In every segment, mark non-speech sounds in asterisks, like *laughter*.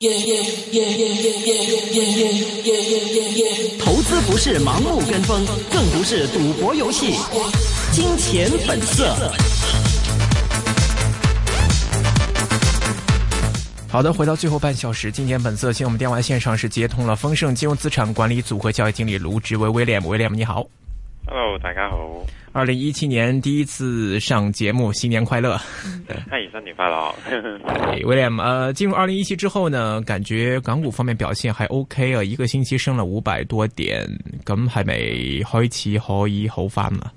耶耶耶耶耶耶耶耶耶耶，投資不是盲目跟風，更不是賭博遊戲。金錢本色。好的，回到最後半小時，金錢本色，今天我們電話線上是接通了豐盛金融資產管理組合交易經理盧志威，William，William，你好。hello，大家好。二零一七年第一次上節目，新年快樂。係 *laughs* 、hey，新年快樂。 *laughs* hey, William，誒、呃，進入二零一七之後呢，感覺港股方面表現還 OK 啊，一個星期升了五百多點，咁係咪開始可以好翻啊？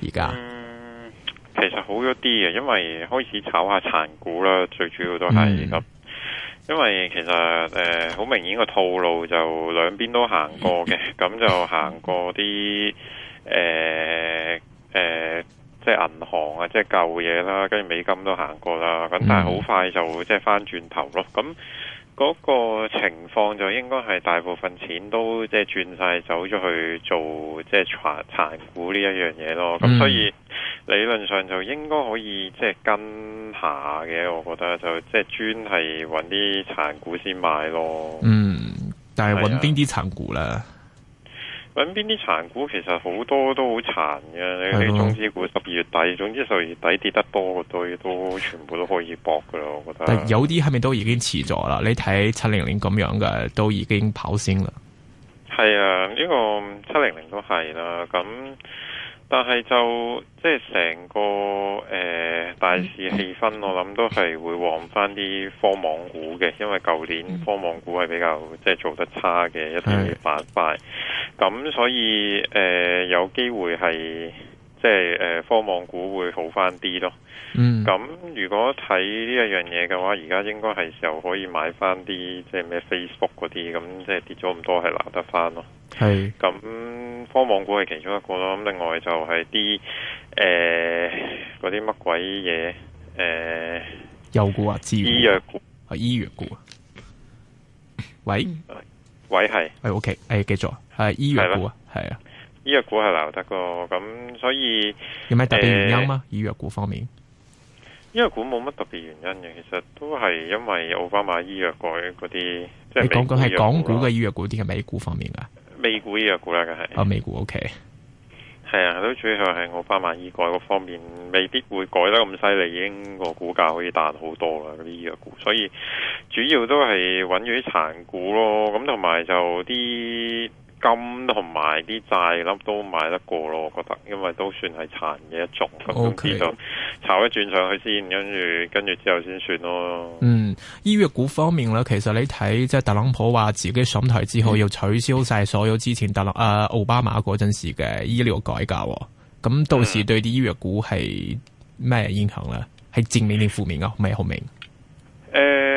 而家嗯，其實好咗啲啊，因為開始炒下殘股啦，最主要都係咁。嗯、因為其實誒，好、呃、明顯個套路就兩邊都行過嘅，咁 *laughs* 就行過啲。誒誒、呃呃，即係銀行啊，即係舊嘢啦，跟住美金都行過啦，咁但係好快就即係返轉頭咯。咁嗰、嗯、個情況就應該係大部分錢都即係轉晒走咗去做即係殘殘股呢一樣嘢咯。咁、嗯、所以理論上就應該可以即係跟下嘅，我覺得就即係專係揾啲殘股先買咯。嗯，但係揾邊啲殘股咧？搵邊啲殘股，其實好多都好殘嘅。的你總之股十二月底，總之十二月底跌得多，嗰堆都全部都可以搏㗎喇。我覺得有啲係咪都已經遲咗啦？你睇七零零咁樣嘅，都已經跑先啦。係啊，呢個七零零都係啦。咁。但係就即係成個誒、呃、大市氣氛，我諗都係會旺翻啲科網股嘅，因為舊年科網股係比較即係、就是、做得差嘅是一啲板塊，咁所以誒、呃、有機會係即係誒科網股會好翻啲咯。嗯，咁如果睇呢一樣嘢嘅話，而家應該係時候可以買翻啲即係咩 Facebook 嗰啲，咁即係跌咗咁多係留得翻咯。係咁是。科網股係其中一個咯，咁另外就係啲誒嗰啲乜鬼嘢誒，藥、呃呃、股，藥股啊，醫藥股、哎 okay，哎、啊，醫藥股。喂喂係，誒 OK，誒繼續啊，係醫藥股啊，係啊，醫藥股係留得咯？咁所以有咩特別原因嗎？呃、醫藥股方面？醫藥股冇乜特別原因嘅，其實都係因為奧巴馬醫藥改嗰啲。你講講係港股嘅醫藥股定係美股方面噶？美股呢個股咧，梗係 *noise* 啊，美股 O K，係啊，都最後係奧巴馬醫改個方面，未必會改得咁犀利，已經個股價可以彈好多啦，嗰啲醫藥股，所以主要都係搵咗啲殘股咯，咁同埋就啲。金同埋啲債粒都買得過咯，我覺得，因為都算係殘嘅一種咁知 Okay. 炒一轉上去先，跟住跟住之後先算咯。嗯，醫藥股方面咧，其實你睇即係特朗普話自己上台之後要、嗯、取消晒所有之前特朗誒奧、呃、巴馬嗰陣時嘅醫療改革，咁到時對啲醫藥股係咩影響咧？係、嗯、正面定負面啊？唔係好明。誒、欸。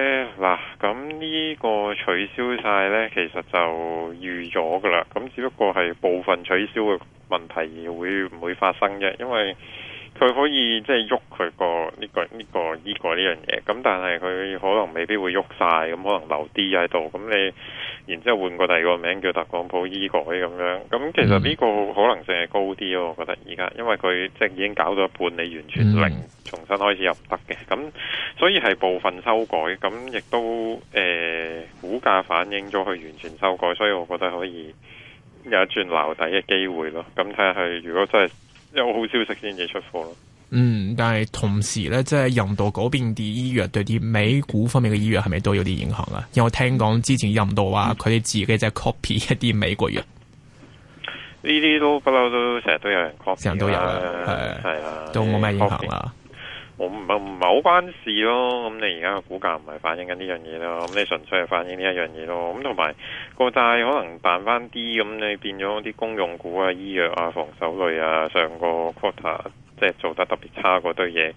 啊，咁、這、呢個取消晒咧，其實就預咗噶啦，咁只不過係部分取消嘅問題，會唔會發生啫？因為。佢可以即係喐佢個呢、這個呢、這個醫改呢樣嘢，咁但係佢可能未必會喐晒，咁可能留啲喺度。咁你然之後換個第二個名叫特朗普醫改咁樣，咁其實呢個可能性係高啲咯，我覺得而家，因為佢即係已經搞到一半，你完全零重新開始唔得嘅，咁所以係部分修改，咁亦都誒股價反映咗佢完全修改，所以我覺得可以有一轉留底嘅機會咯。咁睇下佢如果真係。有好消息先嘢出貨咯。嗯，但係同時咧，即係印度嗰邊啲醫藥對啲美股方面嘅醫藥係咪都有啲影響啊？因為我聽講之前印度話佢哋自己即係 copy 一啲美國藥，呢啲都不嬲都成日都有人 copy，成日都有啦，係啊，都冇咩影響啦，啊。我唔唔唔係好關、嗯、事咯，咁、嗯、你而家嘅股價唔係反映緊呢樣嘢咯，咁你純粹係反映呢一樣嘢咯，咁同埋個債可能彈翻啲，咁你變咗啲公用股啊、醫藥啊、防守類啊，上個 quarter 即係做得特別差嗰堆嘢，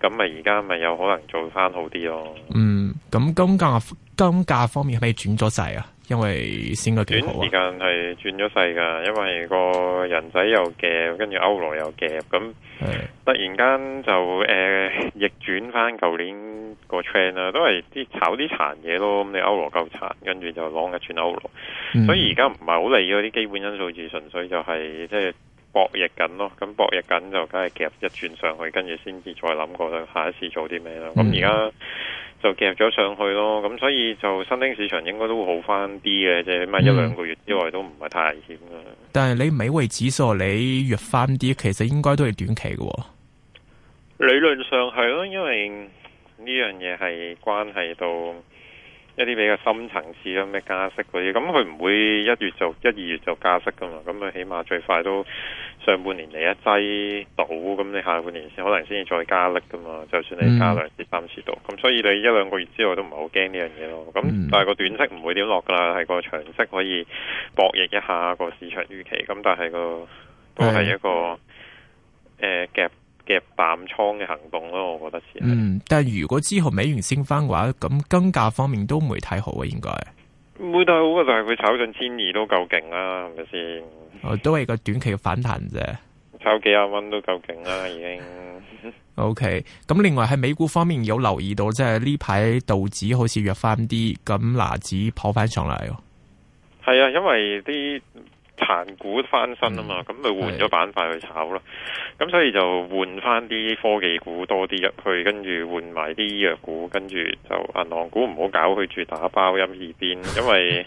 咁咪而家咪有可能做翻好啲咯。嗯，咁、嗯、金價金價方面係咪轉咗勢啊？因為先個短時間係轉咗世噶，因為個人仔又 g 跟住歐羅又 g 咁的突然間就誒、呃、逆轉翻舊年個 train 啦,都係啲炒啲殘嘢咯。咁你歐羅夠殘，跟住就 l 一轉歐羅，嗯、所以而家唔係好理嗰啲基本因素純、就是，就純粹就係即係博弈緊咯。咁博弈緊就梗係夾一轉上去，跟住先至再諗過啦，下一次做啲咩咯。咁而家。嗯就夾咗上去咯，咁所以就新興市場應該都會好翻啲嘅，即係咪一兩個月之內都唔係太危險嘅。但係你美匯指數你越翻啲，其實應該都係短期嘅喎。理論上係咯，因為呢樣嘢係關係到。一啲比較深層次嘅，咩加息嗰啲，咁佢唔會一月就一二月就加息噶嘛，咁佢起碼最快都上半年嚟一劑到，咁你下半年先可能先至再加力噶嘛，就算你加兩至三次度，咁、嗯嗯、所以你一兩個月之內都唔係好驚呢樣嘢咯。咁但係個短息唔會點落噶啦，係個長息可以博弈一下個市場預期，咁但係、那個都係一個誒 gap、嗯呃夾淡倉嘅行動咯，我覺得嗯，但係如果之後美元升翻嘅話，咁金價方面都唔會太好啊，應該唔會太好嘅就係佢炒上千二都夠勁啦，係咪先？哦，都係個短期嘅反彈啫，炒幾廿蚊都夠勁啦，已經。OK，咁另外喺美股方面有留意到，即係呢排道指好似弱翻啲，咁納指跑翻上嚟咯。係啊，因為啲。盤股翻身啊嘛，咁咪換咗板塊去炒咯，咁的所以就換翻啲科技股多啲入去，跟住換埋啲醫藥股，跟住就銀行股唔好搞佢住打包入二邊， *laughs* 因為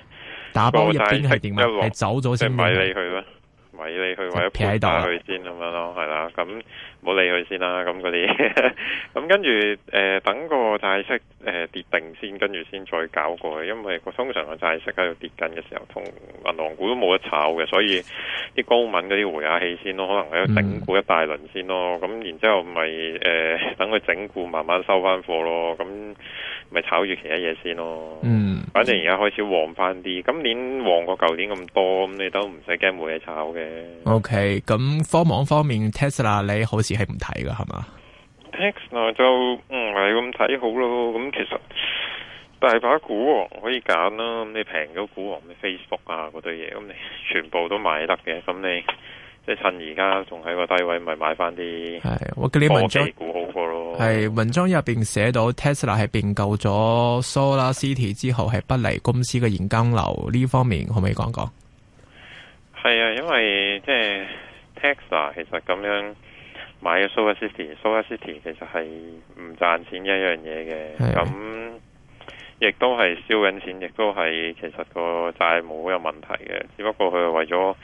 打包入邊係點啊？係走咗先咪你去啦？咪你去或者派代去先咁樣咯，係啦，咁冇理佢先啦，咁嗰啲，咁跟住誒等個債息誒、呃、跌定先，跟住先再搞過去，因為通常個債息喺度跌緊嘅時候，同銀行股都冇得炒嘅，所以啲高敏嗰啲回下氣先咯，可能喺度整固一大輪先咯，咁、嗯、然之後咪誒、呃、等佢整固慢慢收翻貨咯，咁咪炒住其他嘢先咯。嗯反正而家開始旺翻啲，今年旺過舊年咁多，咁你都唔使驚冇嘢炒嘅。OK，咁科網方面，Tesla 你好似係唔睇噶係嘛？Tesla 就唔係咁睇好咯，咁其實大把股王可以揀啦、啊，咁你平咗股王嘅 Facebook 啊嗰堆嘢，咁你全部都買得嘅，咁你。即趁而家仲喺個低位，咪買翻啲係我記你文章好過囉，係文章入邊寫到 Tesla 係併購咗 SolarCity 之後係不利公司嘅現金流呢方面可唔可以講講？係啊，因為即係 Tesla 其實咁樣買咗 SolarCity，SolarCity 其實係唔賺錢嘅一樣嘢嘅，咁亦都係燒緊錢，亦都係其實個債務有問題嘅，只不過佢係為咗。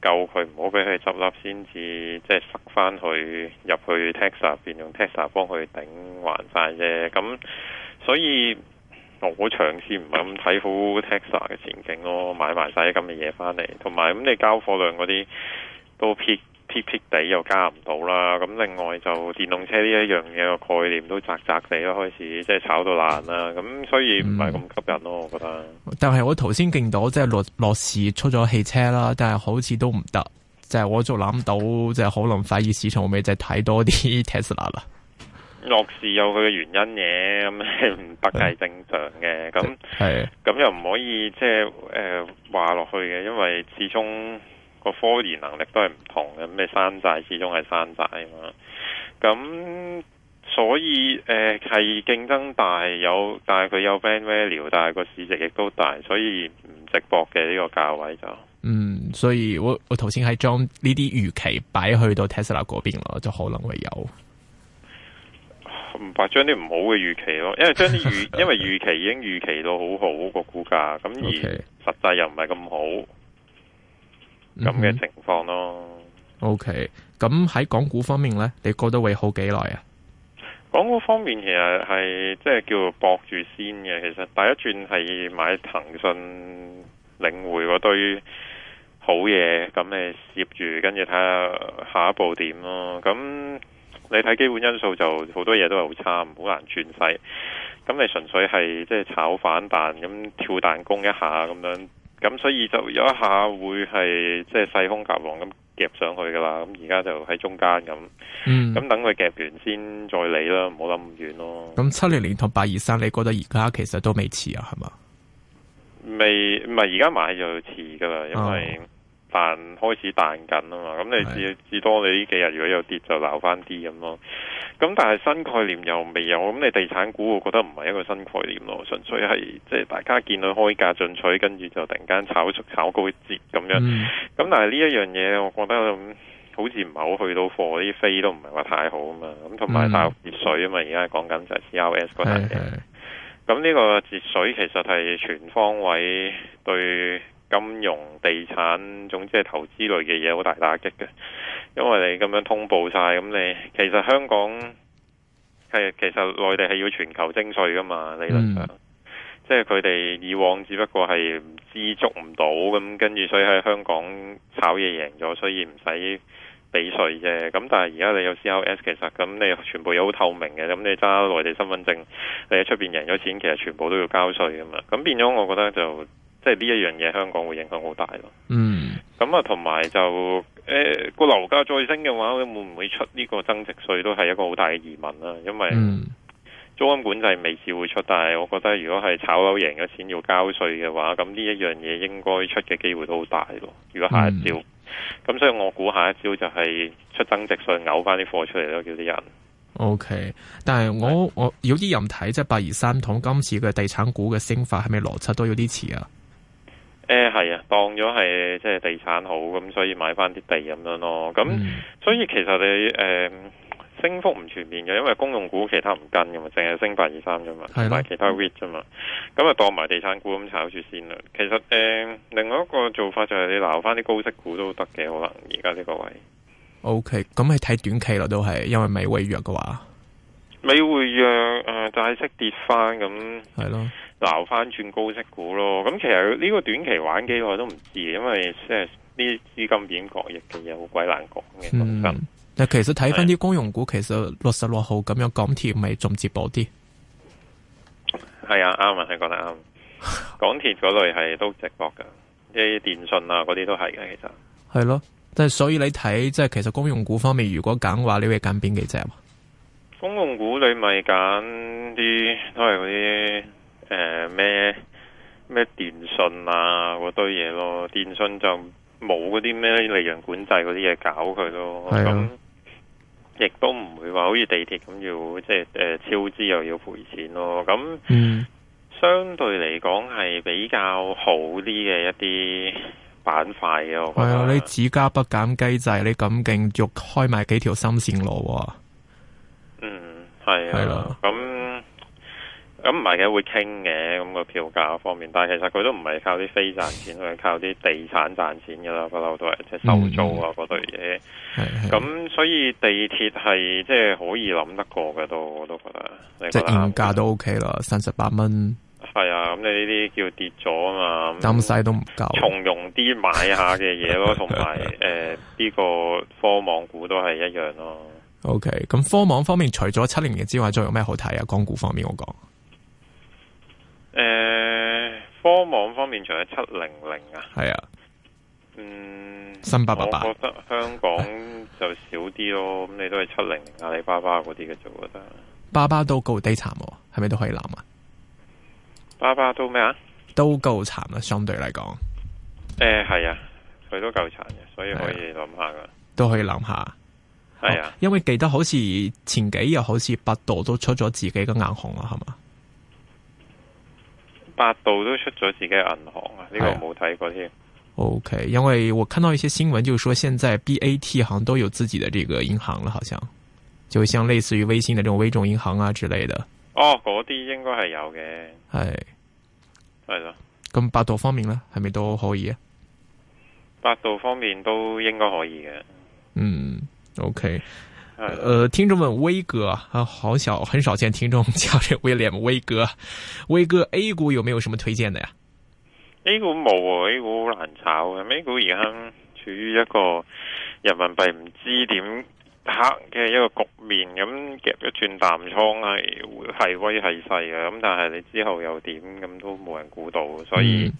救佢唔好俾佢執笠先至，即係塞翻去入去 Tesla 邊用 Tesla 幫佢頂還曬啫。咁所以我長線唔係咁睇好 Tesla 嘅前景咯，買埋晒啲咁嘅嘢返嚟，同埋咁你交貨量嗰啲都撇。撇撇地又加唔到啦，咁另外就電動車呢一樣嘢個概念都窄窄地啦，開始即係炒到爛啦，咁所以唔係咁吸引咯，嗯、我覺得。但係我頭先見到即係、就是、樂樂視出咗汽車啦，但係好似都唔得，就係、是、我就諗到就可能反而市場咪就睇多啲 Tesla 啦。樂視有佢嘅原因嘅，咁唔得，係正常嘅，咁係咁又唔可以即係誒話落去嘅，因為始終。個科研能力都係唔同嘅，咩山寨始終係山寨啊嘛。咁所以誒係競爭大，有但係佢有 brand value，但係個市值亦都大，所以唔值博嘅呢，這個價位就嗯，所以我我頭先喺將呢啲預期擺去到 Tesla 嗰邊咯，就可能會有唔怕將啲唔好嘅預期咯，因為將啲預因為預期已經預期到好好個股價，咁 Okay. 而實際又唔係咁好。咁嘅情況咯。OK，咁喺港股方面呢，你覺得會好幾耐啊？港股方面其實係即係叫搏住先嘅，其實第一轉係買騰訊領匯嗰堆好嘢，咁你攝住，跟住睇下下一步點咯。咁你睇基本因素就好多嘢都係好差，唔好難轉勢。咁你純粹係即係炒反彈，咁跳彈弓一下咁樣。咁所以就有一下會係即係細空夾黃咁夾上去噶啦，咁而家就喺中間咁，咁、嗯、等佢夾完先再，再理啦，唔好諗咁遠咯。咁七零年同八二三，你覺得而家其實都未遲啊？係嘛？未，唔係而家買就遲噶啦，因為、哦。但開始彈緊啊嘛，咁你至至多你呢幾日如果有跌就撈翻啲咁咯。咁但係新概念又未有，咁你地產股我覺得唔係一個新概念咯，純粹係即係大家見到開價進取，跟住就突然間炒出炒高一截咁樣。咁但係呢一樣嘢，我覺得好似唔係好去到貨啲飛都唔係話太好啊嘛。咁同埋大陸節水啊嘛，而家講緊就係 C R S 嗰單嘢。咁呢、嗯、個節水其實係全方位對。金融、地產，總之係投資類嘅嘢，好大打擊嘅。因為你咁樣通報晒，咁你其實香港係其實內地係要全球徵稅噶嘛？理論上，嗯、即係佢哋以往只不過係知足唔到，咁跟住所以喺香港炒嘢贏咗，所以唔使俾稅啫。咁但係而家你有 CRS 其實咁，你全部有好透明嘅，咁你揸內地身份證，你喺出邊贏咗錢，其實全部都要交稅噶嘛。咁變咗，我覺得就。即係呢一樣嘢，香港會影響好大咯。嗯，咁啊，同埋就誒個樓價再升嘅話，會唔會出呢個增值稅都係一個好大嘅疑問啦。因為、嗯、租金管制未至會出，但係我覺得如果係炒樓贏嘅錢要交稅嘅話，咁呢一樣嘢應該出嘅機會都好大咯。如果下一招咁，嗯、所以我估下一招就係出增值稅，嘔翻啲貨出嚟咯，叫啲人。OK，但係我是我有啲人睇，即係八二三桶今次嘅地產股嘅升法，係咪邏輯都有啲似啊？誒係、欸、啊，當咗係即係地產好，咁所以買翻啲地咁樣咯。咁、嗯、所以其實你誒、呃、升幅，唔全面嘅，因為公用股其他唔跟噶嘛，淨係升八二三咋嘛，同埋了其他 REITs 嘛。咁啊、嗯、當埋地產股咁炒住先啦。其實誒、呃、另外一個做法就係你留翻啲高息股都得嘅，可能而家呢個位。OK，咁你睇短期咯，都係，因為未會弱嘅話，未會弱誒，就係識跌翻咁。係咯。撈翻轉高息股咯，咁其實呢個短期玩機我都唔知，因為即係啲資金點角入嘅嘢好鬼難講嘅。嗯，但其實睇翻啲公用股，的其實六十六號咁樣港鐵，港鐵咪仲接駁啲？係啊，啱啊，你講得啱。港鐵嗰類係都直播嘅，一啲電信啊，嗰啲都係嘅。其實係咯，即係所以你睇，即係其實公用股方面，如果揀話，你會揀邊幾隻啊？公用股你咪揀啲都係嗰啲。誒咩咩電信啊嗰堆嘢咯，電信就冇嗰啲咩利潤管制嗰啲嘢搞佢咯，咁、啊、亦都唔會話好似地鐵咁要即係誒、呃、超支又要賠錢咯，咁、嗯、相對嚟講係比較好啲嘅一啲板塊嘅，係啊，你只加不減機制你咁勁欲開埋幾條新線路，嗯係啊，係啦咁。咁唔係嘅會傾嘅，咁個票價方面，但係其實佢都唔係靠啲飛賺錢，佢 *laughs* 靠啲地產賺錢噶啦，不嬲都係即係收租啊嗰類嘢。咁所以地鐵係即係可以諗得過嘅都，我都覺得，覺得即係現價都 OK 啦，三十八蚊，係啊。咁你呢啲叫跌咗啊嘛，擔心都唔夠從容啲買下嘅嘢咯，同埋誒呢個科網股都係一樣咯。OK，咁科網方面除咗七年嘅之外，仲有咩好睇啊？港股方面我講。誒，科網方面仲有七零零啊，係啊，嗯，三八八八，我覺得香港就少啲咯，咁 *laughs* 你都係七零零阿里巴巴嗰啲嘅，爸爸就覺得。巴巴都高低慘，哦，係咪都可以諗啊？巴巴都咩啊？都高慘啊，相對嚟講。誒、欸，係啊，佢都夠慘嘅，所以可以諗下噶、啊。都可以諗下。係啊、哦，因為記得好似前幾日，好似百度都出咗自己嘅眼紅啊，係嘛？百度都出咗自己嘅銀行啊？呢、這個冇睇過添。哎、o、okay, K，因為我看到一些新聞，就是說現在 B A T 行都有自己的這個銀行了，好像就像類似於微信的這種微眾銀行啊之類的。哦，嗰啲應該係有嘅。係係咯，咁的百度方面呢，係咪都可以啊？百度方面都應該可以嘅。嗯，O K。Okay 誒、呃，聽眾問，威哥啊，好少，很少見聽眾叫威廉威哥，威哥 A 股有沒有什麼推薦的呀？A 股冇啊，A 股好難炒嘅，A 股而家處於一個人民幣唔知點黑嘅一個局面，咁夾一轉淡倉係係威係勢嘅，咁但係你之後又點咁都冇人估到，所以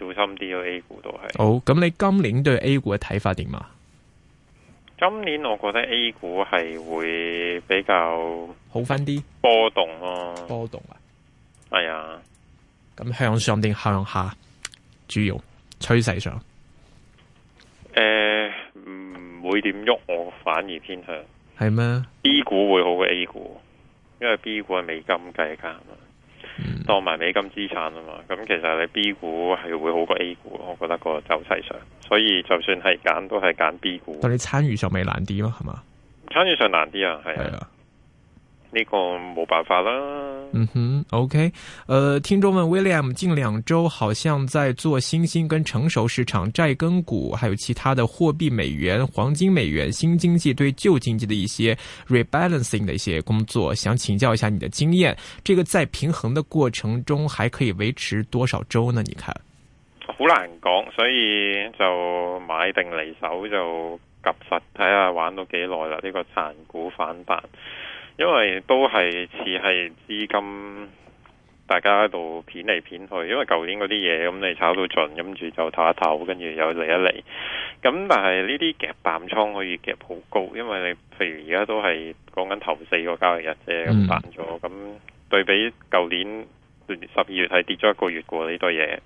小心啲咯。A 股都係。好、嗯，咁、oh, 你今年對 A 股嘅睇法點啊？今年我覺得 A 股係會比較好翻啲波動咯，波動啊，係啊，咁、哎、呀向上定向下主要趨勢上，誒、呃，唔會點喐，我反而偏向係咩嗎？B 股會好過 A 股，因為 B 股係美金計價嘛。當埋美金資產啊嘛，咁其實你 B 股係會好過 A 股，我覺得個走勢上，所以就算係揀都係揀 B 股。但你參與上未難啲嗎？係嘛？參與上難啲啊，係啊。呢個冇辦法啦。嗯哼，OK，誒、呃，聽眾問 William，近兩周好像在做新興跟成熟市場債根股，還有其他的貨幣、美元、黃金、美元、新經濟對舊經濟的一些 rebalancing 的一些工作，想請教一下你的經驗。這個在平衡的過程中，還可以維持多少周呢？你看，好難講，所以就買定離手就，就及實睇下玩到幾耐啦。呢、呢個殘股反彈。因為都係似係資金，大家喺度片嚟片去。因為舊年嗰啲嘢，咁你炒到盡，跟住就唞一唞，跟住又嚟一嚟。咁但係呢啲夾淡倉可以夾好高，因為你譬如而家都係講緊頭四個交易日啫，咁淡咗。咁對比舊年十二月係跌咗一個月嘅呢堆嘢。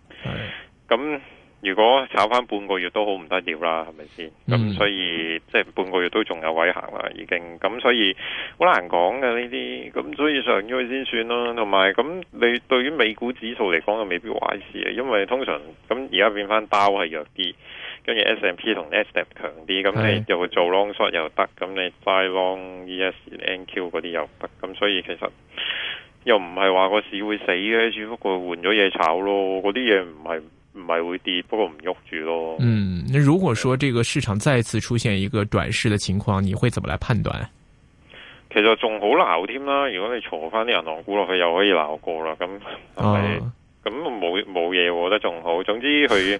咁是如果炒翻半個月都好唔得掉啦，係咪先？咁、嗯、所以即係半個月都仲有位行啦，已經咁所以好難講嘅呢啲。咁所以上咗先算咯。同埋咁你對於美股指數嚟講又未必壞事啊，因為通常咁而家變翻道係弱啲，跟住 S&P 同 NASDAQ 強啲，咁你又會做 long short 又得，咁你再 long E S N Q 嗰啲又得。咁所以其實又唔係話個市會死嘅，只不過換咗嘢炒咯。嗰啲嘢唔係。唔係會跌，不過唔喐住咯。嗯，那如果說這個市場再次出現一個轉勢的情況，你會怎麼來判斷？其實仲好鬧添啦，如果你鋤翻啲銀行股落去，又可以鬧過啦。咁咁冇冇嘢，我覺得仲好。總之佢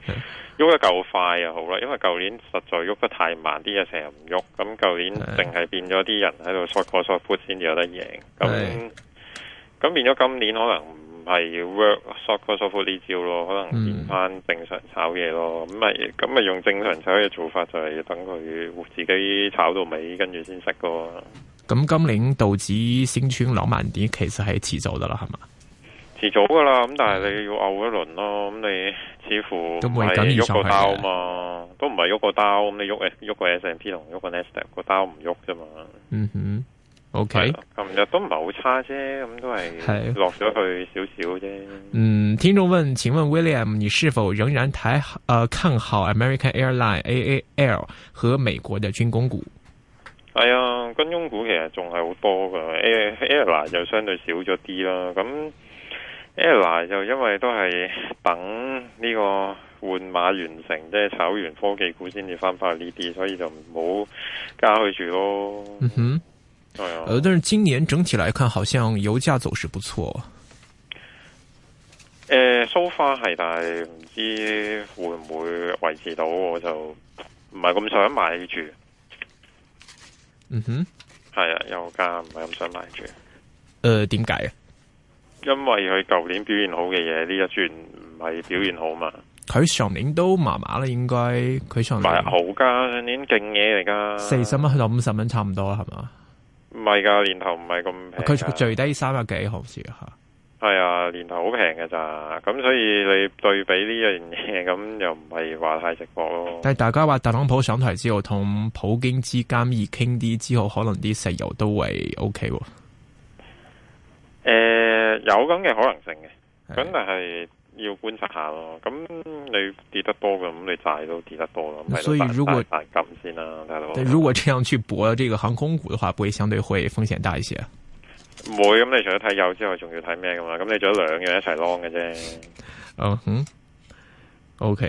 喐得夠快又好啦。因為舊年實在喐得太慢，啲嘢成日唔喐。咁舊年淨係變咗啲人喺度索過索闊先有得贏。咁咁、哎、變咗今年可能。係 work s o c k s o f t 呢招咯，可能變翻正常炒嘢咯。咁咪咁咪用正常炒嘢做法，就係等佢自己炒到尾，跟住先識個。咁今年道指先穿兩萬點，其實係遲早嘅啦，係嘛？遲早噶啦，咁但係你要拗一輪咯。咁你似乎都唔係喐個刀嘛，都唔係喐個刀。咁你喐誒喐個 S&P 同喐個 Nestle 個刀唔喐啫嘛。嗯哼。嗯嗯嗯嗯嗯。O K，琴日都唔係好差啫，咁都係落咗去少少啫。嗯，聽眾問，請問 William，你是否仍然睇，誒，看好 American Airline A A L 和美國嘅軍工股？係啊，軍工股其實仲係好多噶，A A L 就相對少咗啲啦。咁 A A L 就因為都係等呢個換馬完成，即係炒完科技股先至翻翻去呢啲，所以就唔好加去住咯。嗯哼。誒，但係今年整體來看，好像油價走勢不錯。誒、呃，so far 係，但係唔知會唔會維持到，我就唔係咁想買住。嗯哼，係啊，油價唔係咁想買住。誒、呃，點解啊？因為佢舊年表現好嘅嘢呢一轉唔係表現好嘛。佢、嗯、上年都麻麻啦，應該佢上年係好噶，上年勁嘢嚟噶，四十蚊到五十蚊差唔多啦，係嘛？唔係噶，年頭唔係咁平。佢、啊、最低三百幾毫子吓。係啊，年頭好平嘅咋。咁所以你對比呢樣嘢，咁又唔係話太值博咯。但係大家話特朗普上台之後，同普京之間而傾啲之後，可能啲石油都係 OK。誒、呃，有咁嘅可能性嘅。咁的但係。要觀察下咯，咁、嗯、你跌得多嘅，咁、嗯、你債都跌得多啦。所以如果大金先啦、啊，看看有有但如果這樣去搏呢個航空股嘅話，不會相對會風險大一些？唔會、嗯，咁你除咗睇油之外，仲要睇咩噶嘛？咁你做兩樣一齊 long 嘅啫。嗯哼、uh huh.，OK。